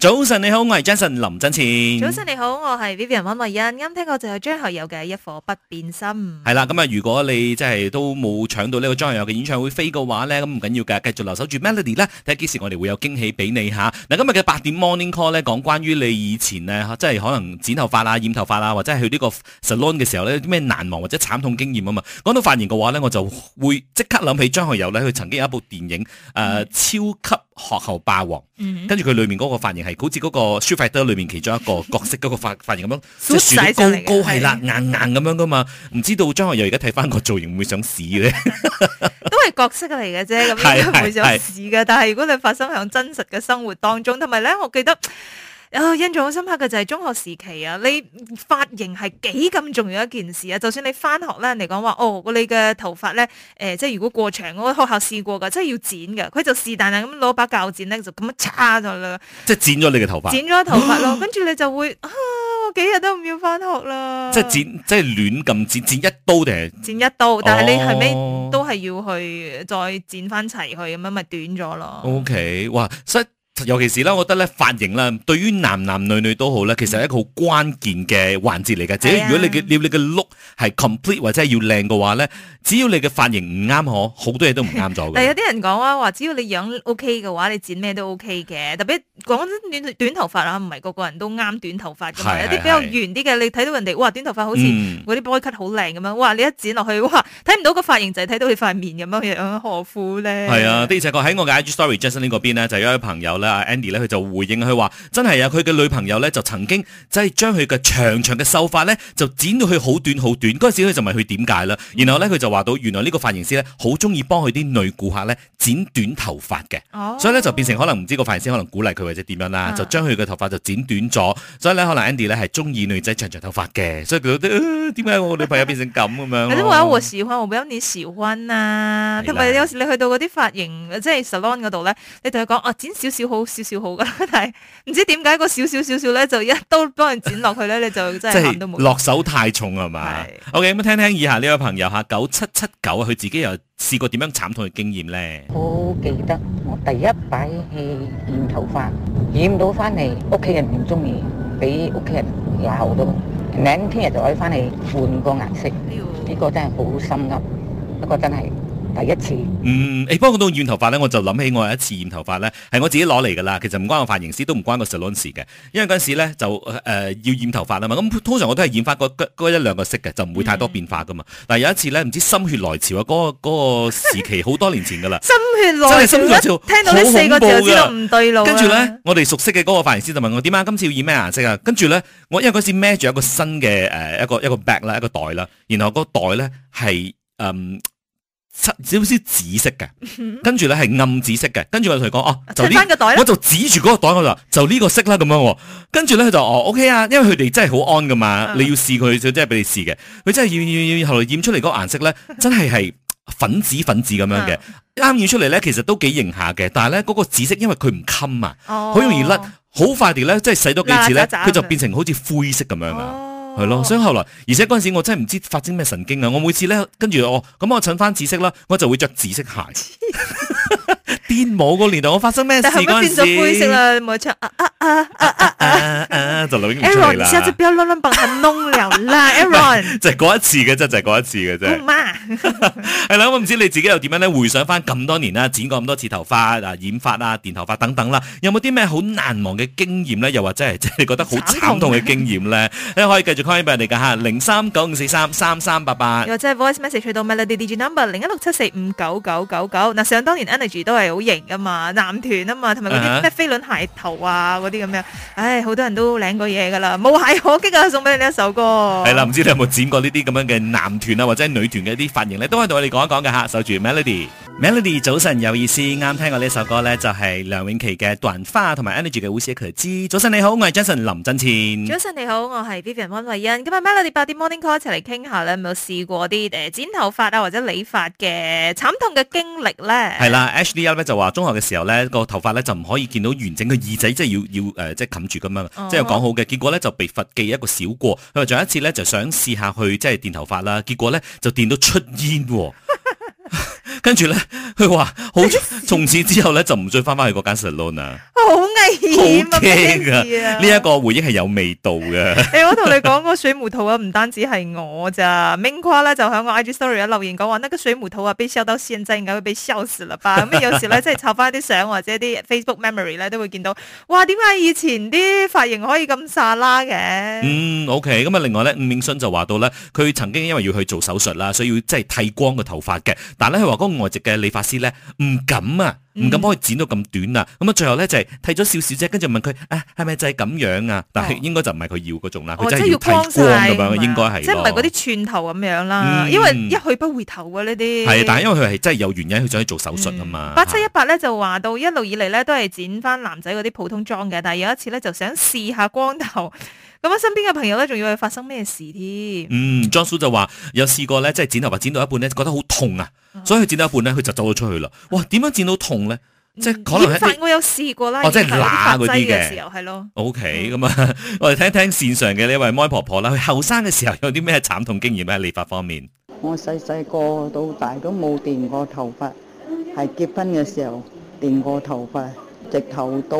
早晨你好，我係 Jason 林振倩。早晨你好，我係 Vivian 溫、嗯、慧欣。啱聽過就係張學友嘅《一顆不變心》。係啦，咁啊，如果你真係都冇搶到呢個張學友嘅演唱會飛嘅話咧，咁唔緊要嘅，繼續留守住 Melody 啦。睇下幾時我哋會有驚喜俾你吓。嗱、啊，今日嘅八點 Morning Call 咧，講關於你以前呢，即係可能剪頭髮啊、染頭髮啊，或者去呢個 salon 嘅時候呢，啲咩難忘或者慘痛經驗啊嘛。講到髮型嘅話呢，我就會即刻諗起張學友呢，佢曾經有一部電影誒，呃嗯、超級。學校霸王，跟住佢裏面嗰個髮型係好似嗰個《Street Fighter》裏面其中一個角色嗰個髮髮型咁樣， 即係豎到高高係啦， 的硬硬咁樣噶嘛，唔知道張學友而家睇翻個造型會想死咧， 都係角色嚟嘅啫，咁樣唔會想死嘅。 對對對，但係如果你發生喺真實嘅生活當中，同埋咧，我記得。哦、印象好深刻嘅就係、是、中學時期啊，你髮型係幾咁重要一件事啊！就算你翻學咧嚟講話，哦，你嘅頭髮咧，誒、呃，即係如果過長，我學校試過噶，即係要剪噶，佢就是但但咁攞把鉸剪咧，就咁樣叉咗啦，即係剪咗你嘅頭髮，剪咗頭髮咯，跟住、嗯、你就會，我、啊、幾日都唔要翻學啦，即係剪，即係亂咁剪，剪一刀定係剪一刀，但係你後尾、哦、都係要去再剪翻齊去，咁樣咪短咗咯。OK，哇，尤其是咧，我覺得咧髮型啦，對於男男女女都好咧，其實係一個好關鍵嘅環節嚟嘅。啊、即要如果你嘅你嘅 look 係 complete 或者係要靚嘅話咧，只要你嘅髮型唔啱，嗬，好多嘢都唔啱咗嘅。有啲人講啊，話只要你樣 OK 嘅話，你剪咩都 OK 嘅。特別講短短頭髮啊，唔係個個人都啱短頭髮嘅嘛。有啲比較圓啲嘅，你睇到人哋哇短頭髮好似嗰啲 boy cut 好靚咁樣、嗯、哇你一剪落去哇，睇唔到個髮型就係睇到佢塊面咁樣樣，何苦咧？係啊，的而且確喺我嘅、就是、s t a r a m 就有一個朋友咧。就是 Andy 咧，佢就回應佢話：真係啊，佢嘅女朋友咧就曾經即係將佢嘅長長嘅秀髮咧，就剪到佢好短好短。嗰陣時佢就問佢點解啦。然後咧佢就話到：原來呢個髮型師咧好中意幫佢啲女顧客咧剪短頭髮嘅。所以咧就變成可能唔知個髮型師可能鼓勵佢或者點樣啦，就將佢嘅頭髮就剪短咗。所以咧可能 Andy 咧係中意女仔長長頭髮嘅。所以佢點解我個女朋友變成咁咁樣？我喜歡我唔係好 m 啊。同埋有時你去到嗰啲髮型即係 salon 嗰度咧，你同佢講剪少少好。少少好噶，但係唔知點解個少少少少咧，就一刀幫人剪落去咧，你就真係落手太重係嘛？O K 咁，是 okay, 聽聽以下呢位朋友吓九七七九，佢自己又試過點樣慘痛嘅經驗咧。好記得我第一擺去染頭髮，染到翻嚟，屋企人唔中意，俾屋企人鬧到，然後明聽日就可以翻嚟換個顏色，呢、這個真係好深刻。不、這、過、個、真係。第一次，嗯，不過到染頭髮咧，我就諗起我有一次染頭髮咧，係我自己攞嚟噶啦。其實唔關個髮型師，都唔關個 salon 嘅，因為嗰陣時咧就誒、呃、要染頭髮啊嘛。咁通常我都係染髮嗰一兩個色嘅，就唔會太多變化噶嘛。嗱、嗯，但有一次咧，唔知心血來潮啊，嗰個嗰個時期好多年前噶啦，心血來潮，聽到呢四個字就知道唔對路。跟住咧，我哋熟悉嘅嗰個髮型師就問我點啊？今次要染咩顏色啊？跟住咧，我因為嗰時孭住一個新嘅誒一個一個 bag 啦，一個袋啦，然後嗰袋咧係嗯。少少紫色嘅，跟住咧係暗紫色嘅，跟住我同佢講，哦，就呢個袋，我就指住嗰個袋我就，就呢個色啦咁樣，跟住咧佢就，哦，OK 啊，因為佢哋真係好安噶嘛，你要試佢，就真係俾你試嘅，佢真係要要要，後來染出嚟嗰個顏色咧，真係係粉紫粉紫咁樣嘅，啱染出嚟咧，其實都幾型下嘅，但係咧嗰個紫色因為佢唔襟啊，好容易甩，好快地咧，即係洗多幾次咧，佢就變成好似灰色咁樣啊。係咯，所以後來，而且嗰陣時我真係唔知發展咩神經啊！我每次咧跟住我，咁、哦、我襯翻紫色啦，我就會着紫色鞋。癲經 魔個年代，我發生咩事嗰陣時？但係咪變咗灰色啦，冇錯啊啊啊啊啊啊！就攞唔出嚟啦！Aaron，你下次不要亂亂把佢弄啦！Aaron，就嗰一次嘅啫，就嗰一次嘅啫。媽，係啦，我唔知你自己又點樣咧？回想翻咁多年啦，剪過咁多次頭髮啊、染髮啊、電頭髮等等啦，有冇啲咩好難忘嘅經驗咧？又或者係即係覺得好慘痛嘅經驗咧？都可以繼續 call 翻俾人哋噶吓，零三九五四三三三八八，或者 voice message 去到 Melody Digi Number 零一六七四五九九九九。嗱，想當年 Energy 都係好型噶嘛，男團啊嘛，同埋嗰啲咩飛輪鞋頭啊嗰啲咁樣，唉，好多人都靚。過嘢噶啦，冇懈可擊啊！送俾你呢一首歌，係啦，唔知你有冇剪過呢啲咁樣嘅男團啊，或者女團嘅一啲髮型咧，都可以同我哋講一講嘅吓，守住 Melody。Melody 早晨有意思啱聽過呢首歌咧，就係、是、梁詠琪嘅《短髮》同埋 Energy 嘅《烏絲可枝》。早晨你好，我係 Jason 林振前。早晨你好，我係 Vivian 溫慧欣。今日 Melody 八點 Morning Call 一齊嚟傾下咧，有冇試過啲誒、呃、剪頭髮啊或者理髮嘅慘痛嘅經歷咧？係啦，H D L 咧就話中學嘅時候咧個頭髮咧就唔可以見到完整嘅耳仔、就是呃、即係、就是、要要誒即係冚住咁樣，即係講好嘅。Huh. 結果咧就被罰記一個小過。佢話仲有一次咧就想試下去即係電頭髮啦，結果咧就電到出煙。跟住咧，佢話好，從此之後咧就唔再翻翻去嗰間 salon 啊。 好危險，驚啊！呢一個回憶係有味道嘅。誒、 欸，我同你講個水母頭啊，唔單止係我咋，明誇咧就響個 IG Story 啊留言講話，呢個水母頭啊被笑到現在，而家會被笑死啦吧？咁有時咧即係湊翻啲相或者啲 Facebook memory 咧都會見到，哇、okay，嗯！點解以前啲髮型可以咁沙啦嘅？嗯，OK，咁啊另外咧，吳明信就話到咧，佢曾經因為要去做手術啦，所以要即係剃光個頭髮嘅。但咧佢話外籍嘅理髮師咧，唔敢啊，唔敢幫佢剪到咁短啊！咁、嗯、啊，最後咧就係剃咗少少啫，跟住問佢，誒，係咪就係咁樣啊？哦、但係應該就唔係佢要嗰種啦，佢、哦、真係要剃光咁、哦哦、樣、啊，應該係即係唔係嗰啲寸頭咁樣啦，因為一去不回頭啊呢啲。係但係因為佢係真係有原因，佢想去做手術啊嘛。八七一八咧就話到一路以嚟咧都係剪翻男仔嗰啲普通裝嘅，但係有一次咧就想試下光頭。 咁啊，身邊嘅朋友咧，仲以為發生咩事添？嗯，John 叔就話有試過咧，即係剪頭髮剪到一半咧，覺得好痛啊，所以佢剪到一半咧，佢就走咗出去啦。哇，點樣剪到痛咧？嗯、即係可能。染髮我有試過啦。哦，即係乸嗰啲嘅。時候係咯。O K，咁啊，我哋聽聽綫上嘅呢位妹婆婆啦。佢後生嘅時候有啲咩慘痛經驗咧？理髮方面。我細細個到大都冇電過頭髮，係結婚嘅時候電過頭髮。直頭到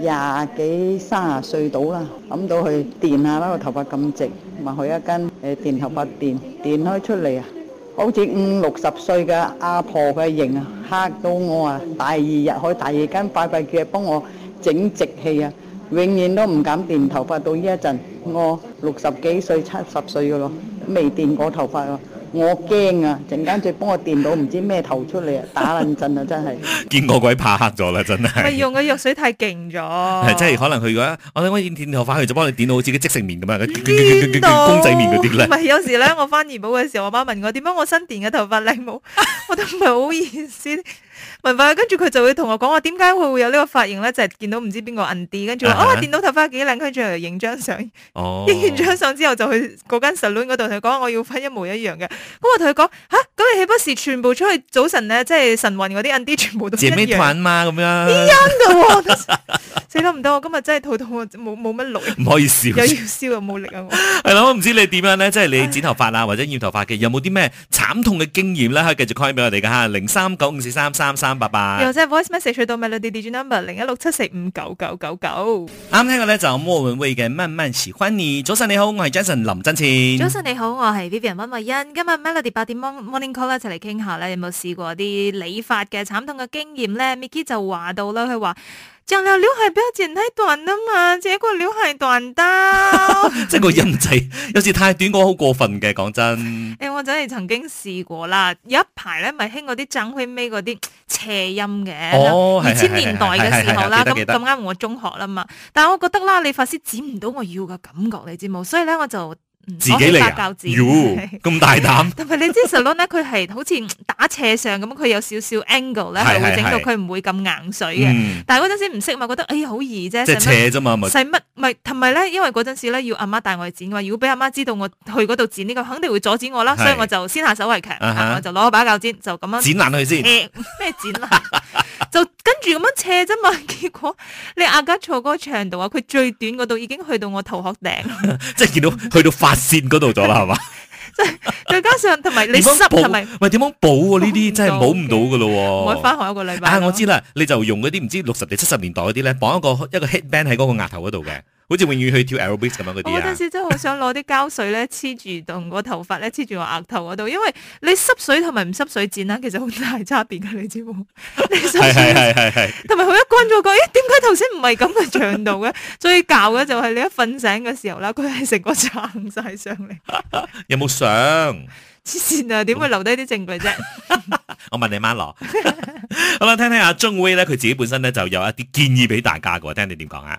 廿幾、三十歲到啦，諗到去電下，把個頭髮咁直，咪去一間誒電頭髮店，電開出嚟啊，好似五六十歲嘅阿婆嘅型啊，嚇到我啊！第二日去第二間快快嘅幫我整直氣啊，永遠都唔敢電頭髮。到呢一陣我六十幾歲、七十歲嘅咯，未電過頭髮喎。我驚啊！陣間再幫我電到唔知咩頭出嚟啊！打撚震啊！真係見個鬼怕黑咗啦！真係咪用嘅藥水太勁咗？係真係可能佢嗰，我想我染頭髮去，就幫你電到好似啲即食麵咁啊！公仔麵嗰啲咧，唔係有時咧我翻怡保嘅時候，我媽問我點解我新電嘅頭髮靚冇，我都唔係好意思。明白，跟住佢就會同我講話點解會會有呢個髮型咧，就係見到唔知邊個 ND 跟住啊電腦頭髮幾靚，跟住嚟影張相，影完張相之後就去嗰間 salon 嗰度，佢講我要分一模一樣嘅。咁我同佢講吓，咁你豈不是全部出去早晨咧？即係神魂嗰啲 ND 全部都，姐妹款嘛咁樣，啲音噶喎，死得唔得？我今日真係肚痛，冇冇乜力。唔可以笑，又要笑又冇力啊！我係咯，我唔知你點樣咧？即係你剪頭髮啊，或者染頭髮嘅，有冇啲咩慘痛嘅經驗咧？可以繼續講起俾我哋嘅嚇，零三九五四三三三。又即係 voice message 去到 Melody Dig Number 零一六七四五九九九九。啱聽嘅咧就莫文蔚嘅慢慢喜歡你。早晨你好，我係 Jason 林振前。早晨你好，我係 Vivian 溫慧欣。今日 Melody 八點 Morning Call 一齊嚟傾下咧，有冇試過啲理髮嘅慘痛嘅經驗咧？Mikey 就話到啦，佢話。講啦，劉海不要剪太短啦嘛，結果劉海短到， 即係個音仔有時太短講好過分嘅，講真。誒、欸，我真係曾經試過啦，有一排咧咪興嗰啲長開尾嗰啲斜音嘅，二千、哦、年代嘅時候啦，咁咁啱我中學啦嘛，但係我覺得啦，你髮師剪唔到我要嘅感覺，你知冇？所以咧我就。自己嚟教啊！咁大膽！同埋你知 salon 咧，佢係好似打斜上咁，佢有少少 angle 咧，就會整到佢唔會咁硬水嘅。但係嗰陣時唔識咪覺得哎好易啫，即係斜啫嘛，咪使乜咪同埋咧，因為嗰陣時咧要阿媽帶我去剪嘅話，如果俾阿媽知道我去嗰度剪呢個，肯定會阻止我啦，所以我就先下手為強，我就攞把鉸剪就咁樣剪爛佢先，咩剪爛？就跟住咁樣斜啫嘛，結果你阿家坐嗰個長度啊，佢最短嗰度已經去到我頭殼頂， 即係見到去到發線嗰度咗啦，係嘛？即係再加上同埋你濕同埋、啊，喂點樣補喎？呢啲真係補唔到噶咯喎！我返學一個禮拜啊，我知啦，你就用嗰啲唔知六十定七十年代嗰啲咧，綁一個一個 headband 喺嗰個額頭嗰度嘅。好似永遠去跳 LBS 咁樣嗰啲啊！我嗰陣時真係好想攞啲膠水咧，黐住同個頭髮咧，黐住我額頭嗰度。因為你濕水同埋唔濕水剪啦，其實好大差別噶，你知冇？係係係係係。同埋佢一乾咗個，咦？點解頭先唔係咁嘅長度嘅？最搞嘅就係你一瞓醒嘅時候啦，佢係成個撐晒上嚟。有冇相？黐線啊！點會留低啲證據啫？我問你媽羅。好啦，聽聽阿 John Way 咧，佢自己本身咧就有一啲建議俾大家噶，聽你點講啊？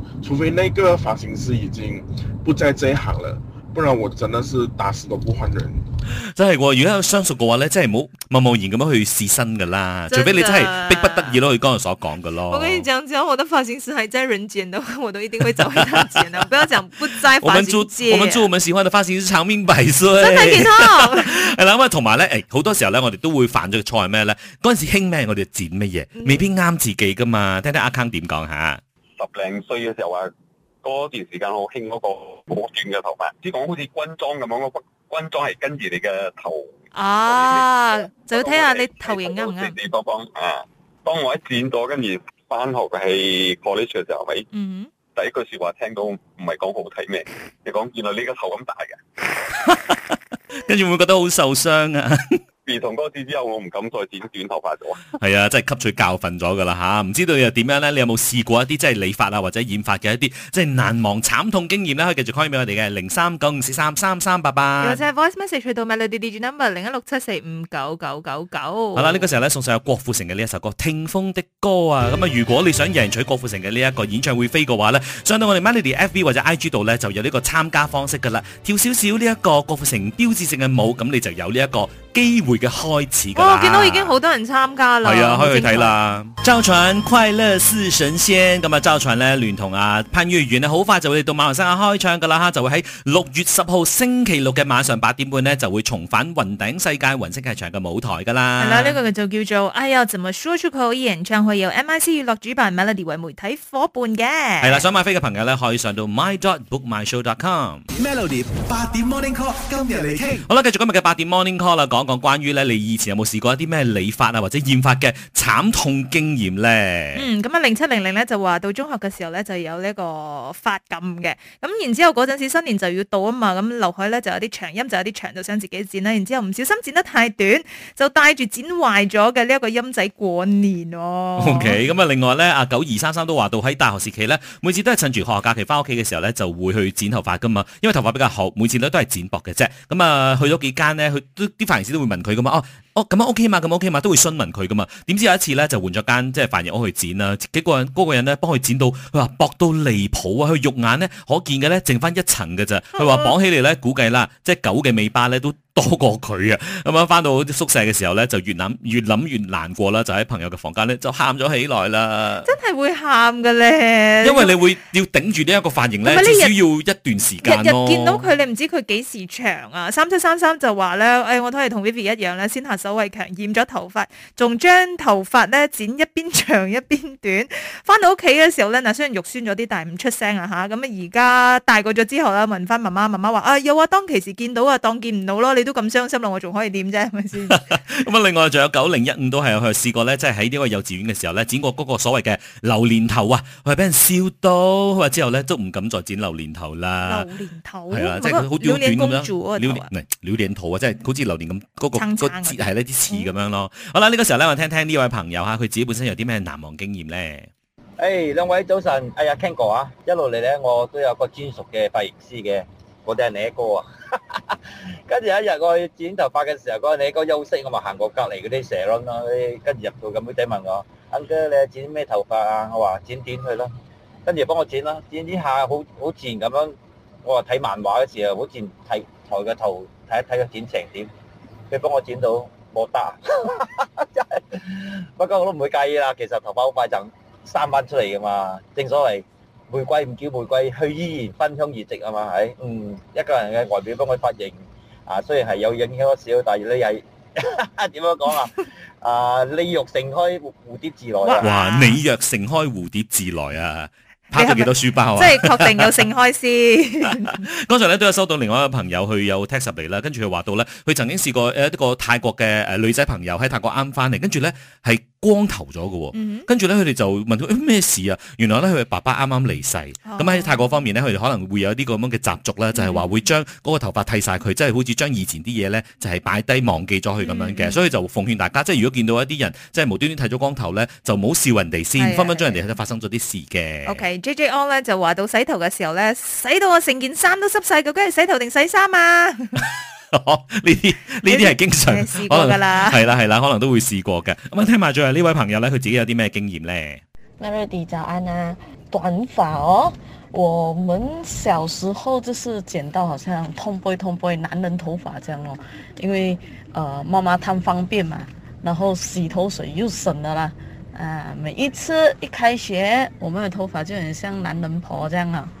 除非那個髮型師已經不在這一行了，不然我真的是打死都不換人。真係喎，如果有相熟嘅話咧，真係冇冇無緣咁樣去試新嘅啦。的除非你真係逼不得已咯，佢剛才所講嘅咯。我跟你講，只要我的髮型師還在人間的話，我都一定會找佢剪 不要講不在我。我們祝，我們祝我們喜歡嘅髮型師，長命百歲。真係嘅，係啦。 咁啊，同埋咧，誒，好多時候咧，我哋都會犯咗個錯係咩咧？嗰陣時興咩，我哋剪乜嘢，未必啱自己噶嘛。聽聽阿康點講吓。十零歲嘅時候話啊，嗰段時間好興嗰個好短嘅頭髮髮，即係講好似軍裝咁樣，個軍軍裝係跟住你嘅頭。啊，就要睇下你頭型啱唔啱？我你直方啊！當我喺剪咗，跟住翻學係過呢處嘅時候。嗯哼。咪第一句說話聽到唔係講好睇咩？你講原來呢個頭咁大嘅。 跟住會唔會覺得好受傷啊？ 兒童歌詞之後，我唔敢再剪短頭髮咗。係 啊，真係吸取教訓咗噶啦吓，唔知道又點樣咧？你有冇試過一啲即係理髮啊或者染髮嘅一啲即係難忘慘痛經驗咧？可以繼續 call 俾我哋嘅零三九五四三三三八八，或者 voice message 去到 Melody Digital Number 零一六七四五九九九九。 好啦，呢、這個時候咧送上有郭富城嘅呢一首歌《聽風的歌》啊！咁啊，如果你想贏取郭富城嘅呢一個演唱會飛嘅話咧，上到我哋 Melody F B 或者 I G 度咧就有呢個參加方式噶啦。跳少少呢一個郭富城標誌性嘅舞，咁你就有呢、這、一個。機會嘅開始、哦，我見到已經好多人參加啦，係啊，可以去睇啦。趙傳快樂似神仙，咁啊，趙傳咧聯同阿潘越雲咧，好快就會到馬來西亞開唱噶啦，哈,就會喺六月十號星期六嘅晚上八點半呢，就會重返雲頂世界雲星劇場嘅舞台噶啦。係啦，呢、這個就叫做哎呀，怎麼說出口演唱會由 M I C 娛樂主辦，Melody 為媒體夥伴嘅。係啦，想買飛嘅朋友呢，可以上到 my.bookmyshow.com。Melody 八點 Morning Call 今日嚟傾。好啦，繼續今日嘅八點 Morning Call 啦，講講講關於咧，你以前有冇試過一啲咩理髮啊或者染髮嘅慘痛經驗咧？嗯，咁啊，零七零零咧就話到中學嘅時候咧就有呢個髮禁嘅，咁然之後嗰陣時新年就要到啊嘛，咁劉海咧就有啲長音就有啲長，就想自己剪啦，然之後唔小心剪得太短，就帶住剪壞咗嘅呢一個音仔過年哦。O K，咁啊，另外咧，阿九二三三都話到喺大學時期咧，每次都係趁住學校假期翻屋企嘅時候咧，就會去剪頭髮噶嘛，因為頭髮比較厚，每次咧都係剪薄嘅啫。咁啊，去咗幾間咧，佢都啲髮型都會問佢噶嘛？哦，哦咁啊，OK 嘛，咁啊 OK 嘛，都會詢問佢噶嘛。點知有一次咧就換咗間即係髮型屋去剪啦，幾、那個人嗰個人咧幫佢剪到，佢話薄到離譜啊！佢肉眼咧可見嘅咧剩翻一層嘅咋，佢話綁起嚟咧估計啦，即係狗嘅尾巴咧都。多過佢啊！咁啊，翻到宿舍嘅時候咧，就越諗越諗越難過啦，就喺朋友嘅房間咧就喊咗起來啦。真係會喊㗎咧，因為你會要頂住呢一個髮型咧，你至少要一段時間咯。日日見到佢，你唔知佢幾時長啊？三七三三就話咧，誒、哎，我都係同 Vivi 一樣咧，先下手為強，染咗頭髮，仲將頭髮咧剪一邊長一邊短。翻到屋企嘅時候咧，嗱雖然肉酸咗啲，但係唔出聲啊吓。咁啊，而家大個咗之後啦，問翻媽媽，媽媽話啊，又話當其時見到啊，當見唔到咯。你都咁傷心啦，我仲可以點啫？係咪先？咁啊，另外仲有九零一五都係有去試過咧，即係喺呢個幼稚園嘅時候咧，剪過嗰個所謂嘅榴蓮頭啊，佢係俾人笑到，之後咧都唔敢再剪榴蓮頭啦。榴蓮頭係啊，即係佢好短咁樣。榴蓮唔係榴蓮頭啊，即係好似榴蓮咁嗰個個節係咧啲刺咁樣咯。好啦，呢個時候咧，我聽聽呢位朋友嚇，佢自己本身有啲咩難忘經驗咧？誒，hey, 兩位早晨，哎呀，Ken 哥啊，一路嚟咧，我都有個專屬嘅髮型師嘅。我哋係你一哥啊，跟 住有一日我去剪頭髮嘅時候，個你哥休息，我咪行過隔離嗰啲蛇咯，跟住入到咁，妹仔問我，阿哥你剪咩頭髮啊？我話剪短佢咯，跟住幫我剪啦，剪之下好好自然咁樣，我話睇漫畫嘅時候好自然睇抬個頭睇一睇個剪成點，佢幫我剪到，冇得啊， 真係，不過我都唔會介意啦，其實頭髮好快就生翻出嚟㗎嘛，正所謂。玫瑰唔叫玫瑰，佢依然芬香如昔啊嘛，係，嗯，一個人嘅外表包括髮型啊，雖然係有影響少，但係你又點樣講啊？啊，你若盛開，蝴蝶自來。哇！你若盛開，蝴蝶自來啊！拋咗幾多書包啊？即係確定有盛開先。剛才咧都有收到另外一個朋友去有 text 入嚟啦，跟住佢話到咧，佢曾經試過誒一個泰國嘅誒女仔朋友喺泰國啱翻嚟，跟住咧係，光頭咗嘅，跟住咧佢哋就問到：欸「咩事啊？原來咧佢爸爸啱啱離世，咁喺、哦、泰國方面咧，佢哋可能會有一啲咁樣嘅習俗咧，嗯、哼就係話會將嗰個頭髮剃晒佢，即、就、係、是、好似將以前啲嘢咧，就係擺低忘記咗佢咁樣嘅，嗯、哼所以就奉勸大家，即係如果見到一啲人即係無端端剃咗光頭咧，就唔好笑人哋先，嗯、哼分分鐘人哋都發生咗啲事嘅。OK，J J O 咧就話到洗頭嘅時候咧，洗到我成件衫都濕晒。究竟係洗頭定洗衫啊？ 呢啲呢啲係經常試過，可能噶啦，係啦係啦，可能都會試過嘅。咁啊，聽埋最後呢位朋友咧，佢自己有啲咩經驗咧？Melody 早安啦、啊，短髮哦。我們小時候就是剪到好像 tomboy tomboy 男人頭髮這樣咯、哦，因為誒、呃、媽媽貪方便嘛，然後洗頭水又省了啦。誒、啊，每一次一開學，我們的頭髮就很像男人婆這樣啊、哦。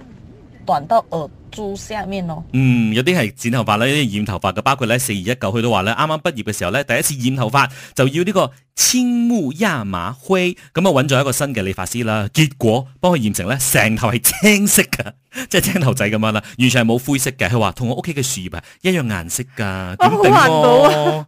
短到耳珠下面咯，嗯，有啲係剪頭髮咧，有啲染頭髮嘅，包括咧四二一九。佢都話咧，啱啱畢業嘅時候咧，第一次染頭髮就要呢個千木亞麻灰，咁啊揾咗一個新嘅理髮師啦，結果幫佢染成咧成頭係青色嘅，即係青頭仔咁樣啦，完全係冇灰色嘅，佢話同我屋企嘅樹葉啊一樣顏色噶，好環保啊，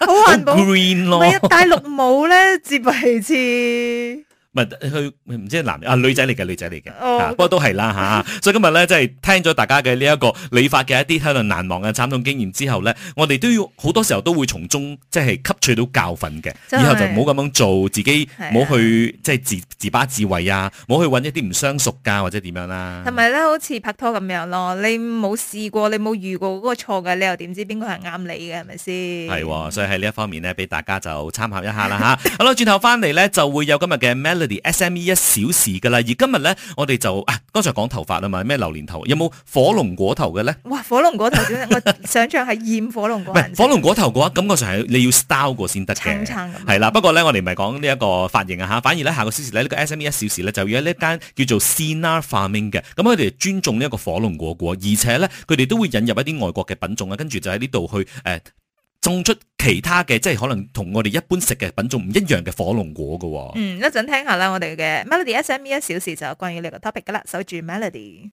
好環保、啊、 到 ，green 咯，係啊，戴綠帽咧，接第二次。唔唔知男啊女仔嚟嘅，女仔嚟嘅，不過都係啦吓，所以今日咧即係聽咗大家嘅呢一個理髮嘅一啲可能難忘嘅慘痛經驗之後咧，我哋都要好多時候都會從中即係吸取到教訓嘅，以後就唔好咁樣做，自己唔好去是、啊、即係自自，自把自慰啊，唔好去揾一啲唔相熟㗎、啊、或者點樣啦、啊。同埋咧，好似拍拖咁樣咯，你冇試過，你冇遇過嗰個錯嘅，你又點知邊個係啱你嘅係咪先？係、嗯哦，所以喺呢一方面咧，俾大家就參考一下啦吓。啊、 好啦，轉頭翻嚟咧就會有今日嘅 SME 一小時噶啦，而今日咧，我哋就啊，剛才講頭髮啊嘛，咩榴蓮頭，有冇火龍果頭嘅咧？哇，火龍果頭點咧？ 我想象係染火龍果。火龍果頭嘅話，感覺上係你要 style 過先得嘅。撐係啦，不過咧，我哋唔係講呢一個髮型啊嚇，反而咧下個小時咧，這個 e、呢個 SME 一小時咧，就要喺呢一間叫做 Sinar Farming 嘅，咁佢哋尊重呢一個火龍果嘅，而且咧佢哋都會引入一啲外國嘅品種啊，跟住就喺呢度去誒。呃種出其他嘅，即係可能同我哋一般食嘅品種唔一樣嘅火龍果噶。嗯，一陣聽下啦，我哋嘅 Melody S M E 一小時就有關於呢個 topic 噶啦，守住 Melody。